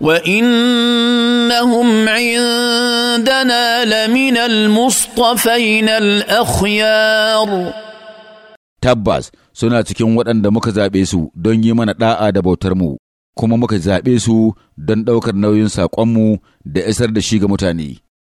وانهم عندنا لمن المصطفين الاخيار tabbas suna cikin waɗanda muka zaɓe su don yi mana ɗa'a da bautar mu kuma muka zaɓe su don ɗaukar nauyin saƙonmu da isar da shi ga mutane